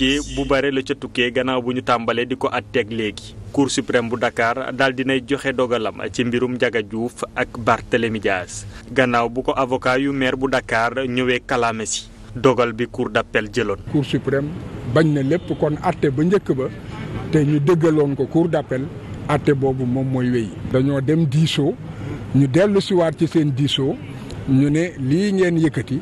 ci bu bare la ca tukkee gannaaw bu ñu tàmbalee di ko àtteeg léegi. cour suprême bu Dakar daal dinay joxe dogalam ci mbirum Ndiaga Diouf ak Barthélémy Dias gannaaw bu ko avocat yu maire bu Dakar ñëwee kalaame dogal bi cour d'appel jëloon. cour suprême bañ na lépp kon àtte ba njëkk ba te ñu dëggaloon ko cour d'appel àtte boobu moom mooy wéy. dañoo dem diisoo ñu dellu siwaat ci seen diisoo ñu ne lii ngeen yëkkati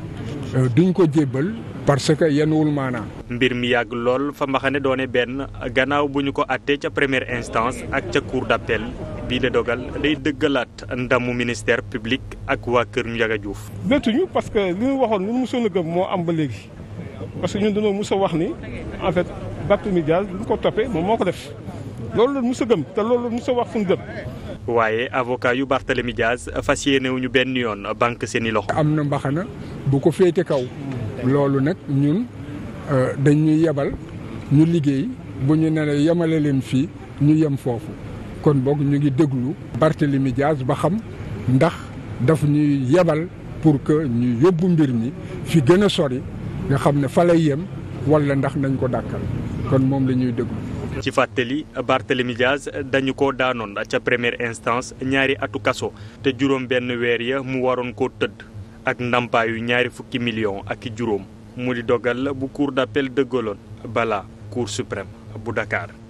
euh, duñ ko jébbal. parce que yenuwul maanaam. mbir mi yàgg lool fa mbaxane doone benn gannaaw bu ñu ko àttee ca première instance ak ca cour d'appel bii la dogal day dëggalaat ndamu ministère public ak waa kër Ndiaga Diouf. bettuñu parce que li ñu waxoon lu mu mosoon a gëm moo am ba léegi parce que ñun dañoo mos a wax ni en fait Barthélémy Dias lu ko toppee moom moo ko def loolu la mos gëm te loolu la mos wax fu mu gëm. waaye avocat yu Barthélémy Dias fas yéenewuñu benn yoon banque seen loxo. am na mbaxana bu ko féete kaw. loolu nag ñun euh, dañuy yebal ñu liggéey bu ñu ne yemale leen fii ñu yem foofu kon boog ñu ngi déglu Barthélemy Dias ba xam ndax daf ñuy yebal pour que ñu yóbbu mbir mi fi gën a sori nga xam ne fa lay yem walla ndax nañ ko dàkkal kon moom la ñuy déglu. ci fàttali Barthélemy Dias dañu ko daanoon ca première instance ñaari atu kaso te juróom benn weer ya mu waroon koo tëdd. ak ndàmpaayu ñaari fukki millions ak i juróom mu di dogal bu cour d'appel dëggaloon balaa cour suprême bu Dakar.